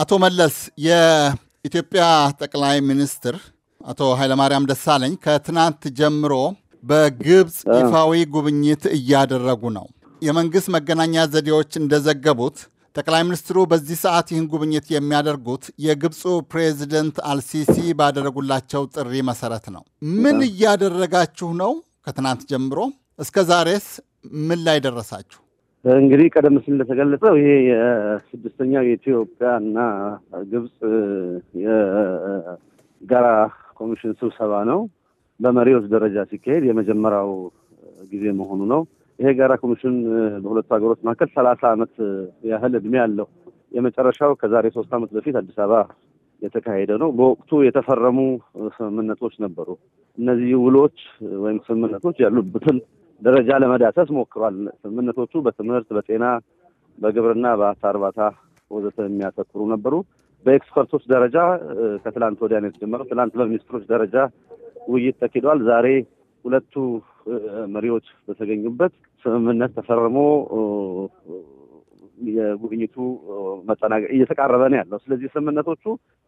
አቶ መለስ የኢትዮጵያ ጠቅላይ ሚኒስትር አቶ ኃይለማርያም ደሳለኝ ከትናንት ጀምሮ በግብፅ ይፋዊ ጉብኝት እያደረጉ ነው። የመንግስት መገናኛ ዘዴዎች እንደዘገቡት ጠቅላይ ሚኒስትሩ በዚህ ሰዓት ይህን ጉብኝት የሚያደርጉት የግብፁ ፕሬዚደንት አልሲሲ ባደረጉላቸው ጥሪ መሰረት ነው። ምን እያደረጋችሁ ነው? ከትናንት ጀምሮ እስከ ዛሬስ ምን ላይ ደረሳችሁ? እንግዲህ ቀደም ሲል እንደተገለጸው ይሄ የስድስተኛው የኢትዮጵያና ግብጽ የጋራ ኮሚሽን ስብሰባ ነው። በመሪዎች ደረጃ ሲካሄድ የመጀመሪያው ጊዜ መሆኑ ነው። ይሄ ጋራ ኮሚሽን በሁለቱ ሀገሮች መካከል ሰላሳ ዓመት ያህል እድሜ አለው። የመጨረሻው ከዛሬ ሶስት ዓመት በፊት አዲስ አበባ የተካሄደ ነው። በወቅቱ የተፈረሙ ስምምነቶች ነበሩ። እነዚህ ውሎች ወይም ስምምነቶች ያሉበትን ደረጃ ለመዳሰስ ሞክሯል። ስምምነቶቹ በትምህርት፣ በጤና፣ በግብርና፣ በአሳ እርባታ ወዘተ የሚያተኩሩ ነበሩ። በኤክስፐርቶች ደረጃ ከትላንት ወዲያ ነው የተጀመረው። ትላንት በሚኒስትሮች ደረጃ ውይይት ተኪዷል። ዛሬ ሁለቱ መሪዎች በተገኙበት ስምምነት ተፈርሞ የጉብኝቱ መጠናቀቅ እየተቃረበ ነው ያለው። ስለዚህ ስምምነቶቹ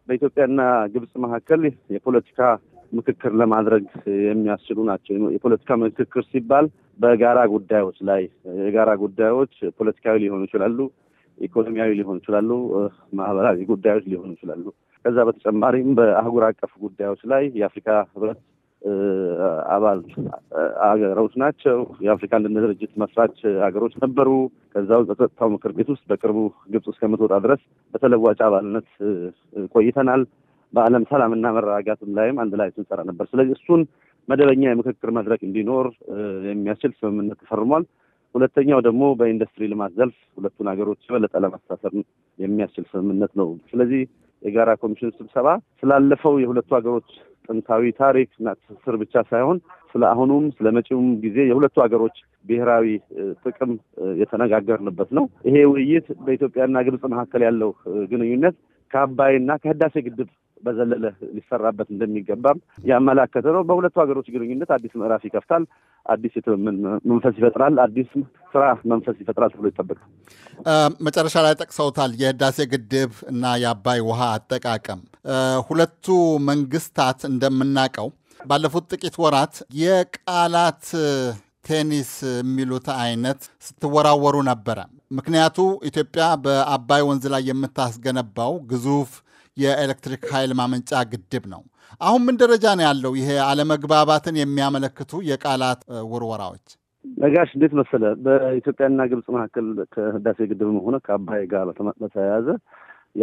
በኢትዮጵያና ግብጽ መካከል የፖለቲካ ምክክር ለማድረግ የሚያስችሉ ናቸው። የፖለቲካ ምክክር ሲባል በጋራ ጉዳዮች ላይ የጋራ ጉዳዮች ፖለቲካዊ ሊሆኑ ይችላሉ፣ ኢኮኖሚያዊ ሊሆኑ ይችላሉ፣ ማህበራዊ ጉዳዮች ሊሆኑ ይችላሉ። ከዛ በተጨማሪም በአህጉር አቀፍ ጉዳዮች ላይ የአፍሪካ ህብረት አባል ሀገሮች ናቸው። የአፍሪካ አንድነት ድርጅት መስራች ሀገሮች ነበሩ። ከዛ ውስጥ በጸጥታው ምክር ቤት ውስጥ በቅርቡ ግብጽ እስከምትወጣ ድረስ በተለዋጭ አባልነት ቆይተናል። በዓለም ሰላምና መረጋጋትም ላይም አንድ ላይ ስንሰራ ነበር። ስለዚህ እሱን መደበኛ የምክክር መድረክ እንዲኖር የሚያስችል ስምምነት ተፈርሟል። ሁለተኛው ደግሞ በኢንዱስትሪ ልማት ዘርፍ ሁለቱን ሀገሮች የበለጠ ለማስተሳሰር የሚያስችል ስምምነት ነው። ስለዚህ የጋራ ኮሚሽን ስብሰባ ስላለፈው የሁለቱ ሀገሮች ጥንታዊ ታሪክ እና ትስስር ብቻ ሳይሆን ስለ አሁኑም ስለ መጪውም ጊዜ የሁለቱ ሀገሮች ብሔራዊ ጥቅም የተነጋገርንበት ነው። ይሄ ውይይት በኢትዮጵያና ግብጽ መካከል ያለው ግንኙነት ከአባይና ከህዳሴ ግድብ በዘለለ ሊሰራበት እንደሚገባም ያመላከተ ነው። በሁለቱ ሀገሮች ግንኙነት አዲስ ምዕራፍ ይከፍታል፣ አዲስ መንፈስ ይፈጥራል፣ አዲስ ስራ መንፈስ ይፈጥራል ተብሎ ይጠበቃል። መጨረሻ ላይ ጠቅሰውታል የህዳሴ ግድብ እና የአባይ ውሃ አጠቃቀም ሁለቱ መንግስታት እንደምናውቀው ባለፉት ጥቂት ወራት የቃላት ቴኒስ የሚሉት አይነት ስትወራወሩ ነበረ። ምክንያቱ ኢትዮጵያ በአባይ ወንዝ ላይ የምታስገነባው ግዙፍ የኤሌክትሪክ ኃይል ማመንጫ ግድብ ነው። አሁን ምን ደረጃ ነው ያለው ይሄ አለመግባባትን የሚያመለክቱ የቃላት ውርወራዎች? ነጋሽ እንዴት መሰለ በኢትዮጵያና ግብጽ መካከል ከህዳሴ ግድብም ሆነ ከአባይ ጋር በተያያዘ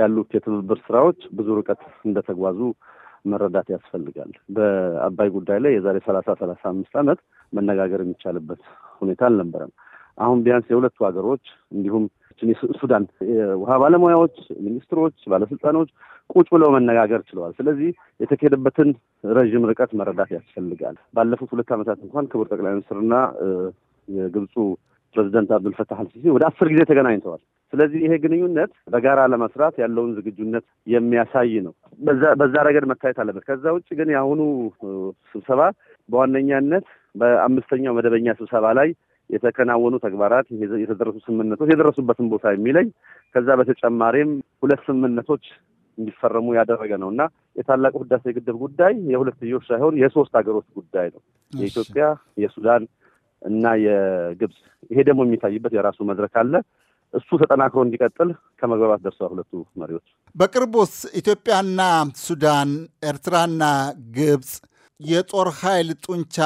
ያሉት የትብብር ስራዎች ብዙ ርቀት እንደተጓዙ መረዳት ያስፈልጋል። በአባይ ጉዳይ ላይ የዛሬ ሰላሳ ሰላሳ አምስት ዓመት መነጋገር የሚቻልበት ሁኔታ አልነበረም። አሁን ቢያንስ የሁለቱ ሀገሮች እንዲሁም ሱዳን የውሃ ባለሙያዎች፣ ሚኒስትሮች፣ ባለስልጣኖች ቁጭ ብለው መነጋገር ችለዋል። ስለዚህ የተካሄደበትን ረዥም ርቀት መረዳት ያስፈልጋል። ባለፉት ሁለት ዓመታት እንኳን ክቡር ጠቅላይ ሚኒስትርና የግብፁ ፕሬዚደንት አብዱልፈታህ አልሲሲ ወደ አስር ጊዜ ተገናኝተዋል። ስለዚህ ይሄ ግንኙነት በጋራ ለመስራት ያለውን ዝግጁነት የሚያሳይ ነው። በዛ ረገድ መታየት አለበት። ከዛ ውጭ ግን የአሁኑ ስብሰባ በዋነኛነት በአምስተኛው መደበኛ ስብሰባ ላይ የተከናወኑ ተግባራት፣ የተደረሱ ስምምነቶች፣ የደረሱበትን ቦታ የሚለይ ከዛ በተጨማሪም ሁለት ስምምነቶች እንዲፈረሙ ያደረገ ነው እና የታላቁ ህዳሴ ግድብ ጉዳይ የሁለትዮሽ ሳይሆን የሶስት ሀገሮች ጉዳይ ነው። የኢትዮጵያ፣ የሱዳን እና የግብፅ። ይሄ ደግሞ የሚታይበት የራሱ መድረክ አለ። እሱ ተጠናክሮ እንዲቀጥል ከመግባባት ደርሰዋል ሁለቱ መሪዎች። በቅርቡስ ኢትዮጵያና ሱዳን፣ ኤርትራና ግብፅ የጦር ኃይል ጡንቻ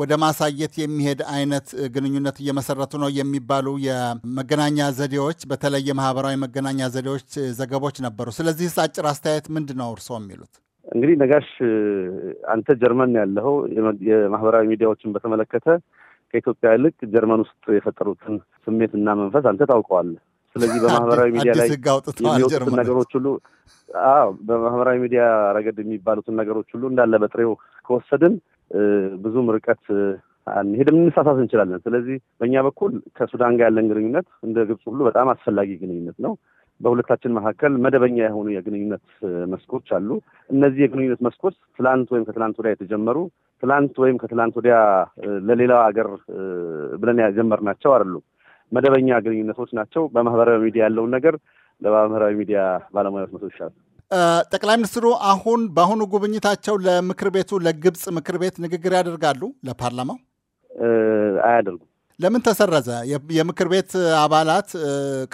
ወደ ማሳየት የሚሄድ አይነት ግንኙነት እየመሰረቱ ነው የሚባሉ የመገናኛ ዘዴዎች በተለይ የማህበራዊ መገናኛ ዘዴዎች ዘገቦች ነበሩ። ስለዚህ አጭር አስተያየት ምንድን ነው እርስዎ የሚሉት? እንግዲህ ነጋሽ፣ አንተ ጀርመን ያለኸው የማህበራዊ ሚዲያዎችን በተመለከተ ከኢትዮጵያ ይልቅ ጀርመን ውስጥ የፈጠሩትን ስሜት እና መንፈስ አንተ ታውቀዋለህ። ስለዚህ በማህበራዊ ሚዲያ ላይ የሚወጡትን ነገሮች ሁሉ በማህበራዊ ሚዲያ ረገድ የሚባሉትን ነገሮች ሁሉ እንዳለ በጥሬው ከወሰድን ብዙም ርቀት አንሄድም፣ እንሳሳት እንችላለን። ስለዚህ በእኛ በኩል ከሱዳን ጋር ያለን ግንኙነት እንደ ግብፅ ሁሉ በጣም አስፈላጊ ግንኙነት ነው። በሁለታችን መካከል መደበኛ የሆኑ የግንኙነት መስኮች አሉ። እነዚህ የግንኙነት መስኮች ትላንት ወይም ከትላንት ወዲያ የተጀመሩ ትላንት ወይም ከትላንት ወዲያ ለሌላው ሀገር ብለን ናቸው አይደሉም። መደበኛ ግንኙነቶች ናቸው። በማህበራዊ ሚዲያ ያለውን ነገር ለማህበራዊ ሚዲያ ባለሙያዎች መቶ ይሻል። ጠቅላይ ሚኒስትሩ አሁን በአሁኑ ጉብኝታቸው ለምክር ቤቱ ለግብፅ ምክር ቤት ንግግር ያደርጋሉ? ለፓርላማው አያደርጉም። ለምን ተሰረዘ? የምክር ቤት አባላት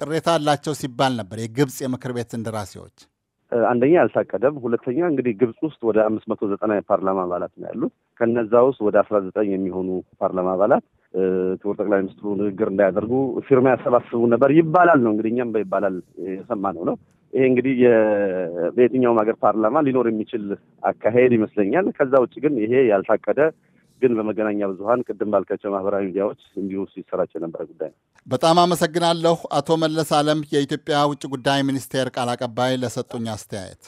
ቅሬታ አላቸው ሲባል ነበር። የግብፅ የምክር ቤት እንደራሴዎች አንደኛ ያልታቀደም፣ ሁለተኛ እንግዲህ ግብፅ ውስጥ ወደ አምስት መቶ ዘጠና የፓርላማ አባላት ነው ያሉት። ከነዛ ውስጥ ወደ አስራ ዘጠኝ የሚሆኑ ፓርላማ አባላት ክቡር ጠቅላይ ሚኒስትሩ ንግግር እንዳያደርጉ ፊርማ ያሰባስቡ ነበር ይባላል ነው እንግዲህ እኛም በይባላል የሰማነው ነው። ይሄ እንግዲህ በየትኛውም ሀገር ፓርላማ ሊኖር የሚችል አካሄድ ይመስለኛል። ከዛ ውጭ ግን ይሄ ያልታቀደ ግን በመገናኛ ብዙኃን ቅድም ባልካቸው ማህበራዊ ሚዲያዎች እንዲሁ ሲሰራጭ የነበረ ጉዳይ ነው። በጣም አመሰግናለሁ አቶ መለስ አለም የኢትዮጵያ ውጭ ጉዳይ ሚኒስቴር ቃል አቀባይ ለሰጡኝ አስተያየት